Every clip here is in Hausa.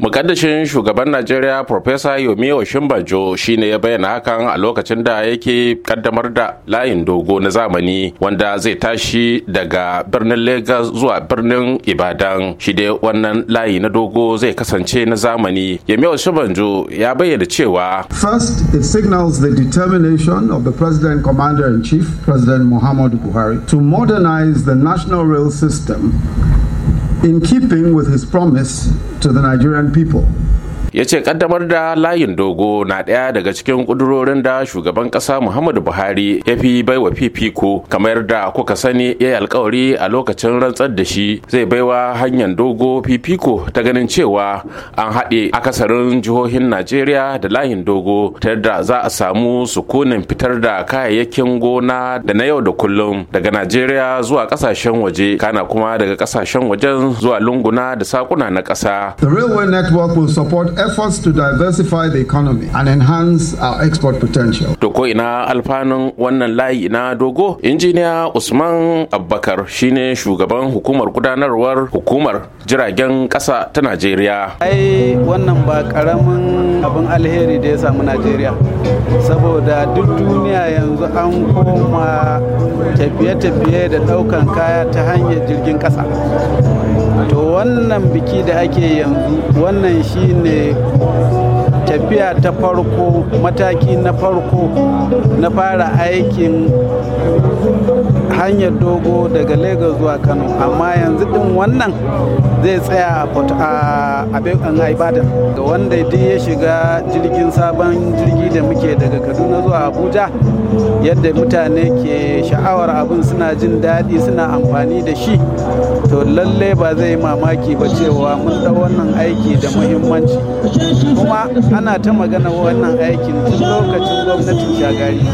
mukaddashin shugaban najeriya professor yomi oshimbajo shine ya bayyana hakan a lokacin da yake kaddamar da layin dogo na zamani wanda zai tashi daga birnin lagos zuwa birnin ibadan shi dai wannan layi na dogo zai kasance na zamani yomi oshimbajo ya bayyana cewa first it signals the determination of the president commander in chief president muhammadu buhari to modernize the national rail system in keeping with his promise to the Nigerian people. ya ce kaddamar da layin dogo na ɗaya daga cikin ƙudurorin da shugaban ƙasa muhammadu buhari ya fi baiwa fifiko kamar da kuka sani ya yi alkawari a lokacin rantsar da shi zai baiwa hanyar dogo fifiko ta ganin cewa an haɗe akasarin jihohin najeriya da layin dogo ta yadda za a samu sukunin fitar da kayayyakin gona da na yau da kullum daga najeriya zuwa ƙasashen waje kana kuma daga ƙasashen wajen zuwa lunguna da sakuna na ƙasa. The network will support efforts to diversify the economy and enhance our export potential. To ko ina alfanun wannan layi na dogo, injiniya Usman Abbakar shine shugaban hukumar gudanarwar hukumar jiragen ƙasa ta Najeriya. Ai wannan ba karamin abin alheri da ya samu Najeriya. Saboda duk duniya yanzu an koma tafiye-tafiye da daukan kaya ta hanyar jirgin ƙasa. wannan biki da ake yanzu wannan shi ne. tafiya ta farko mataki na farko na fara aikin hanyar dogo daga lagos zuwa kano amma yanzu din wannan zai tsaya a abin ibadan ga wanda duk ya shiga jirgin sabon jirgi da muke daga kaduna zuwa abuja yadda mutane ke sha'awar abin suna jin daɗi suna amfani da shi to lalle ba zai mamaki ba cewa mun da wannan aiki da muhimmanci kuma ana ta magana wannan aikin tun lokacin gwamnatin shagari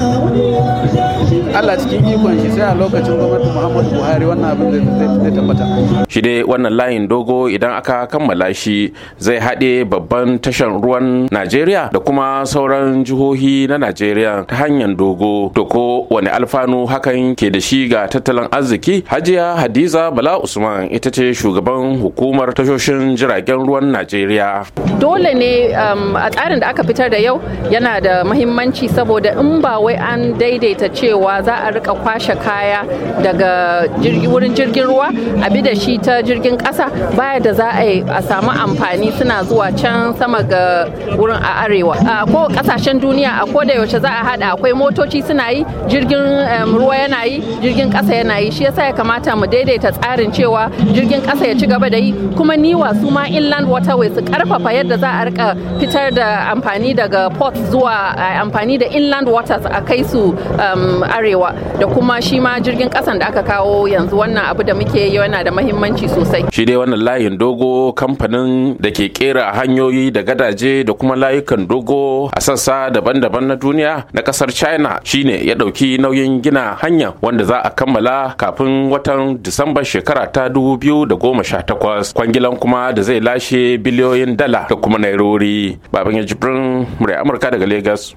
Allah cikin ikon shi sai a lokacin gwamnatin Muhammadu Buhari wannan abin zai tabbata shi dai wannan layin dogo idan aka kammala shi zai haɗe babban tashan ruwan Najeriya da kuma sauran jihohi na Najeriya ta hanyar dogo to ko wani alfanu hakan ke da shi ga tattalin arziki Hajiya Hadiza Bala Usman ita ce shugaban hukumar tashoshin jiragen ruwan Najeriya dole ne um, a tsarin da aka fitar da yau yana da mahimmanci saboda in ba wai an daidaita cewa za a rika kwashe kaya daga wurin jirgin ruwa a bi da shi ta jirgin kasa baya da za a samu amfani suna zuwa can sama ga wurin a arewa a ko kasashen duniya a ko da yaushe za a hada akwai motoci suna yi jirgin ruwa yana yi jirgin kasa yana yi shi yasa ya kamata mu daidaita tsarin cewa jirgin kasa ya ci gaba da yi kuma niwa su ma inland waterway su karfafa yadda za a rika fitar da da amfani daga port zuwa eh, amfani da inland waters a kai su um, arewa da kuma shi ma jirgin kasan da aka kawo yanzu wannan abu da muke yi yana da mahimmanci sosai shi dai wannan layin dogo kamfanin da ke kera hanyoyi da gadaje da kuma layukan dogo a sassa daban-daban na duniya na kasar china shine ya dauki nauyin gina hanya wanda za a kammala kafin watan disamba shekara ta 2018 kwangilan kuma da zai lashe biliyoyin dala da kuma nairori babin jibrin murya amurka daga Legas.